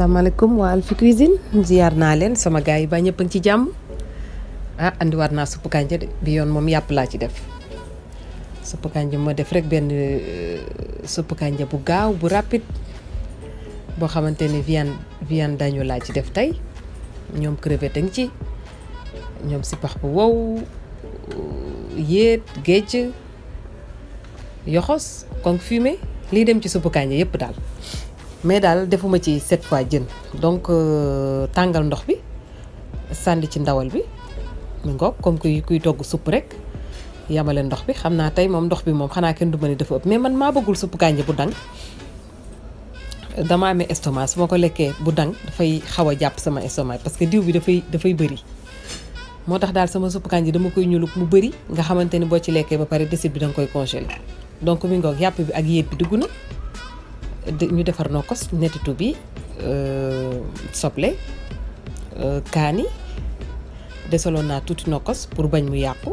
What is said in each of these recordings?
asalaamaaleykum waa Alphie Cuisine ziar naa leen sama gars yi ba ñëpp a ngi ci jàmm ah andiwaat naa suppu kànja de bi yoon moom yàpp laa ci def suppu kànja ma def rek benn euh, suppu kànja bu gaaw bu rapide boo xamante ne viande viande dañu laa ci def tey ñoom crevette a ngi ci ñoom sippax bu wow euh, yéet géej yoxos kong fumé lii dem ci suppu kànja yëpp daal. mais daal defuma ci cette fois jën donc euh, tàngal ndox bi sànni ci ndawal bi mu ngoog comme kuy togg supp rek yamale ndox bi xam naa tey moom ndox bi moom xanaa kenn du ma ne dafa ëpp mais man maa bëggul supp kànja bu dang dama amee su ma ko lekkee bu dang dafay xaw a jàpp sama estomac parce que diw bi dafay dafay bëri moo tax daal sama supp kànja dama koy ñulub mu bëri nga xamante ni boo ci lekkee ba pare desit bi da koy congelé donc mi ngoog yàpp bi ak yéet bi dugg na ñu defar nokkos nettitu bi euh, soble euh, kaani deseloon naa tuuti nokkos pour bañ mu yàqu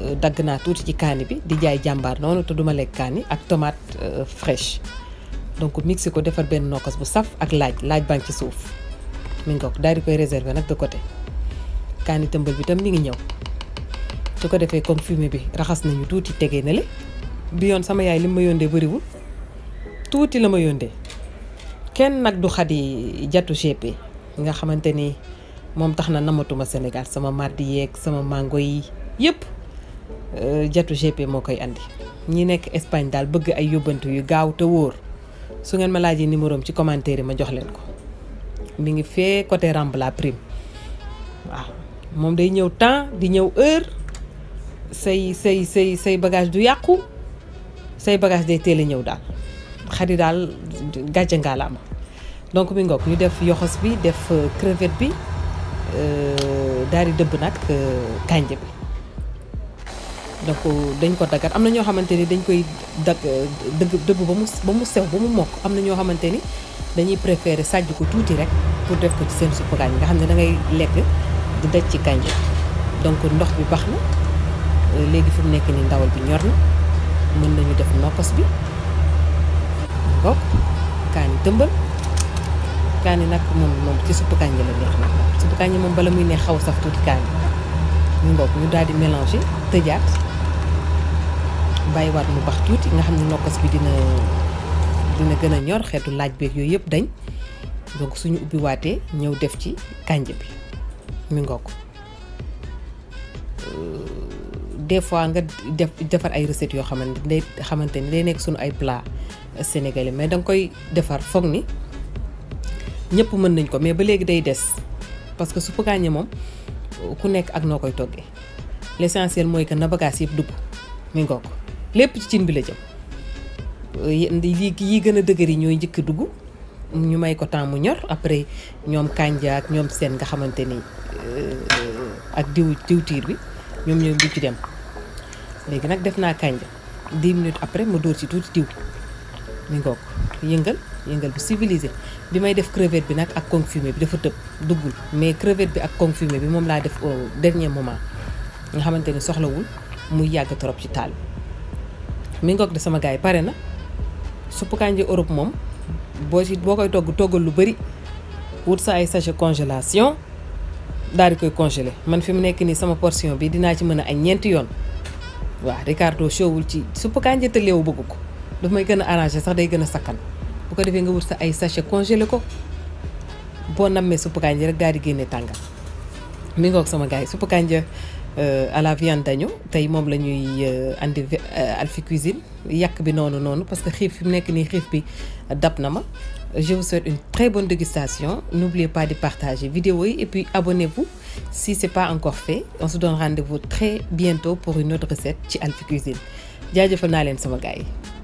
euh, dagg naa tuuti ci kaani bi di jaay jàmbaar noonu te duma lekk kaani ak tomate fraîche donc mixé ko defar benn nokkos bu saf ak laaj laaj baa ci suuf mi ngi ko daal di koy réserver nag de côté kaani tëmbal bi tam mi ngi ñëw su ko defee comme fumée bi raxas nañu tuuti tegee na li bi yoon sama yaay li ma dee bariwul tuuti la ma yóndee kenn nag du xadi jatu GP nga xamante ni moom tax na namatuma Sénégal sama màdd yeeg sama mango yi yëpp euh, jatu GP moo koy indi ñi nekk Espagne daal bëgg ay yóbbantu yu gaaw te wóor su ngeen ma laajee numéro am ci commentaire yi ma jox leen ko mi ngi fee côté Rambla Prime waaw moom day ñëw temps di ñëw heure say say say say bagage du yàqu say bagage day teel a ñëw daal xari daal gàcce ngaa am donc mi ngoog ñu def yoxos bi def euh, crevette bi euh, daal di dëbb nag euh, kànja bi donc dañ ko daggat am na ñoo xamante ni dañ koy dëgg dëgg dëbb ba mu mu sew ba mu mokk am na ñoo xamante ni dañuy préféré sàjj ko tuuti rek pour def ko ci seen suppu kànja nga xam ne da lekk di daj ci kànja donc ndox bi baax na léegi fi mu nekk ni ndawal bi ñor na mën nañu def nokkos bi ngoog kaani tëmbal kaani nag moom moom ci suppu kànja la neex nag moom bala muy neex xaw sax tuuti kaani ñu ngoog ñu daal di mélanger tëjaat bàyyiwaat mu bax tuuti nga xam ne nokkas bi dina dina gën a ñor xeetu laaj beeg yooyu yëpp dañ donc suñu ubbi waatee ñëw def ci kànja bi mi ngoog euh, des fois nga def defar ay recettes yoo xamante ni day xamante ni day nekk suñu ay plat sénégalais mais danga koy defar foog ni ñëpp mën nañ ko mais ba léegi day des parce que suppu kànja moom ku nekk ak noo koy toggee l'essentiel mooy que na bagages yëpp dugg mi ngoo ko lépp ci cin bi la jëm yi yi gën a dëgër yi ñooy njëkk dugg ñu may ko temps mu ñor après ñoom kànja ak ñoom seen nga xamante ni euh, ak diw diwtiir bi ñoom ñooy bu ci dem léegi nag def naa kànja 10 minutes après ma dóor ci tuuti diw mi ngoog yëngal yëngal bu civilisé bi may def crevette bi nag ak confumé bi dafa tëb duggul mais crevette bi ak confumé bi moom laa def au dernier moment nga xamante ni soxlawul muy yàgg trop ci taal bi mi ngoog de sama gars pare na suppu kànja Europe moom boo ci boo koy togg toggal lu bëri wut sa ay sachet congélation daal di koy congelé man fi mu nekk nii sama portion bi dinaa ci mën a añ ñeenti yoon waaw Ricardo wul ci suppu kànja te léew bëgg ko daf may gën a arrangé sax day gën a sakkan bu ko defee nga wut sa ay sachet congelé ko boo nammee suppu kànja rek daal di génne tàngal mi ngoog sama gars yi suppu kànja euh, à la viande dañu tey moom la ñuy euh, andi euh, Alphie Cuisine yàq bi noonu noonu parce que xiif fi mu nekk nii xiif bi dab na ma je vous souhaite une très bonne dégustation n'oubliez pas de partager vidéo yi et puis abonnez-vous si c'est pas encore fait on se donne rendez-vous très bientôt pour une autre recette ci Alphie Cuisine jaajëfal naa leen sama gars yi